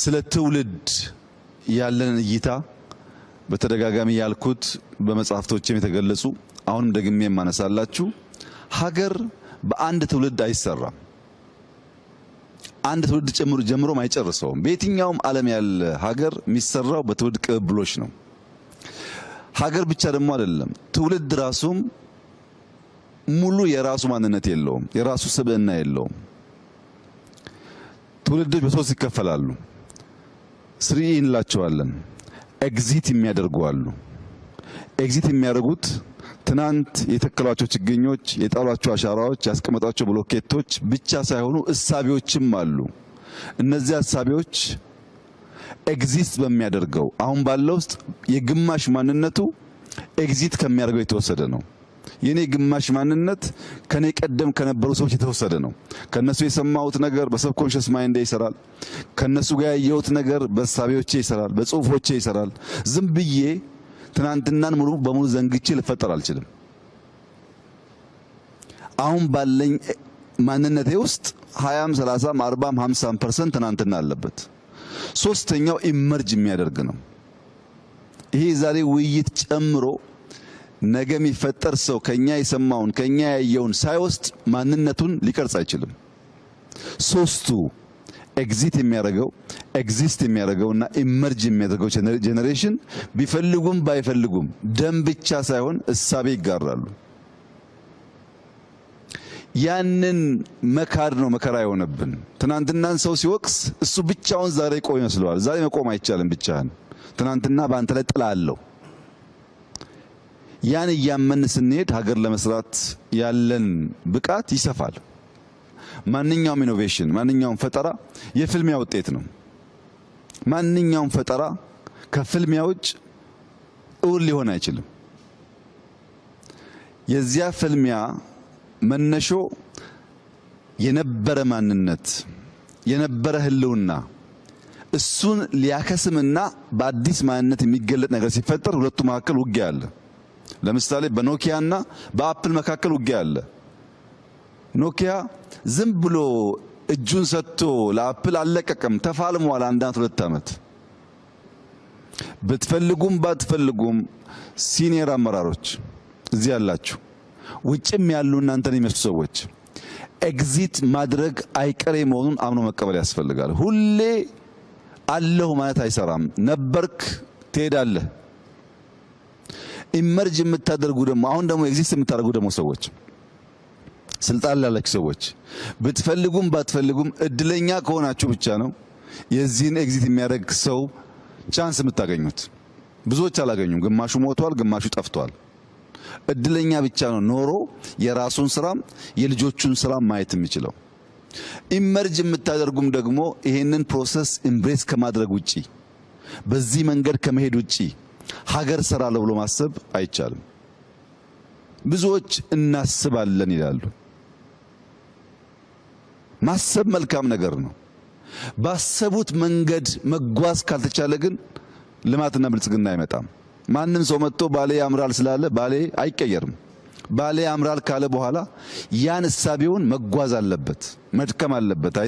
ስለ ትውልድ ያለን እይታ በተደጋጋሚ ያልኩት በመጽሐፍቶችም የተገለጹ አሁንም ደግሜ የማነሳላችሁ ሀገር በአንድ ትውልድ አይሰራም። አንድ ትውልድ ጀምሮ ጀምሮም አይጨርሰውም። በየትኛውም ዓለም ያለ ሀገር የሚሰራው በትውልድ ቅብብሎች ነው። ሀገር ብቻ ደግሞ አይደለም፣ ትውልድ ራሱም ሙሉ የራሱ ማንነት የለውም፣ የራሱ ስብዕና የለውም። ትውልዶች በሶስት ይከፈላሉ። ስሪ እንላቸዋለን። ኤግዚት የሚያደርጉ አሉ። ኤግዚት የሚያደርጉት ትናንት የተከሏቸው ችግኞች፣ የጣሏቸው አሻራዎች፣ ያስቀመጧቸው ብሎኬቶች ብቻ ሳይሆኑ እሳቤዎችም አሉ። እነዚህ እሳቤዎች ኤግዚስት በሚያደርገው አሁን ባለው ውስጥ የግማሽ ማንነቱ ኤግዚት ከሚያደርገው የተወሰደ ነው። የኔ ግማሽ ማንነት ከኔ ቀደም ከነበሩ ሰዎች የተወሰደ ነው። ከነሱ የሰማሁት ነገር በሰብኮንሽስ ማይንድ ይሰራል። ከነሱ ጋር ያየሁት ነገር በሳቢዎቼ ይሰራል፣ በጽሁፎቼ ይሰራል። ዝም ብዬ ትናንትናን ሙሉ በሙሉ ዘንግቼ ልፈጠር አልችልም። አሁን ባለኝ ማንነቴ ውስጥ ሀያም ሰላሳም አርባም ሀምሳም ፐርሰንት ትናንትና አለበት። ሶስተኛው ኢመርጅ የሚያደርግ ነው። ይሄ ዛሬ ውይይት ጨምሮ ነገ የሚፈጠር ሰው ከኛ የሰማውን ከኛ ያየውን ሳይወስድ ማንነቱን ሊቀርጽ አይችልም። ሶስቱ ኤግዚት የሚያደርገው ኤግዚስት የሚያደርገው እና ኢመርጅ የሚያደርገው ጄኔሬሽን ቢፈልጉም ባይፈልጉም ደም ብቻ ሳይሆን እሳቤ ይጋራሉ። ያንን መካድ ነው መከራ የሆነብን። ትናንትናን ሰው ሲወቅስ እሱ ብቻውን ዛሬ ቆይ ይመስለዋል። ዛሬ መቆም አይቻልም ብቻህን። ትናንትና በአንተ ላይ ጥላ አለው። ያን እያመን ስንሄድ ሀገር ለመስራት ያለን ብቃት ይሰፋል። ማንኛውም ኢኖቬሽን፣ ማንኛውም ፈጠራ የፍልሚያ ውጤት ነው። ማንኛውም ፈጠራ ከፍልሚያ ውጭ እውን ሊሆን አይችልም። የዚያ ፍልሚያ መነሾ የነበረ ማንነት የነበረ ህልውና እሱን ሊያከስምና በአዲስ ማንነት የሚገለጥ ነገር ሲፈጠር ሁለቱ መካከል ውጊያ አለ። ለምሳሌ በኖኪያ በአፕል መካከል ውጊያ አለ። ኖኪያ ዝም ብሎ እጁን ሰጥቶ ለአፕል አለቀቅም ተፋልሟል። አንዳንድ ሁለት ዓመት ብትፈልጉም ባትፈልጉም ሲኒየር አመራሮች እዚህ ያላችሁ፣ ውጭም ያሉ እናንተን የሚመስሉ ሰዎች ኤግዚት ማድረግ አይቀሬ መሆኑን አምኖ መቀበል ያስፈልጋል። ሁሌ አለሁ ማለት አይሰራም። ነበርክ፣ ትሄዳለህ ኢመርጅ የምታደርጉ ደግሞ አሁን ደግሞ ኤግዚስት የምታደርጉ ደግሞ ሰዎች ስልጣን ላላችሁ ሰዎች ብትፈልጉም ባትፈልጉም እድለኛ ከሆናችሁ ብቻ ነው የዚህን ኤግዚት የሚያደርግ ሰው ቻንስ የምታገኙት። ብዙዎች አላገኙም። ግማሹ ሞቷል፣ ግማሹ ጠፍቷል። እድለኛ ብቻ ነው ኖሮ የራሱን ስራም የልጆቹን ስራ ማየት የሚችለው። ኢመርጅ የምታደርጉም ደግሞ ይሄንን ፕሮሰስ ኢምብሬስ ከማድረግ ውጪ በዚህ መንገድ ከመሄድ ውጪ ሀገር ለው ብሎ ማሰብ አይቻልም። ብዙዎች እናስባለን ይላሉ። ማሰብ መልካም ነገር ነው። ባሰቡት መንገድ መጓዝ ካልተቻለ ግን ልማትና ብልጽግና አይመጣም። ማንም ሰው መጥቶ ባሌ ያምራል ስላለ ባሌ አይቀየርም። ባሌ ያምራል ካለ በኋላ ያን እሳቤውን መጓዝ አለበት፣ መድከም አለበት።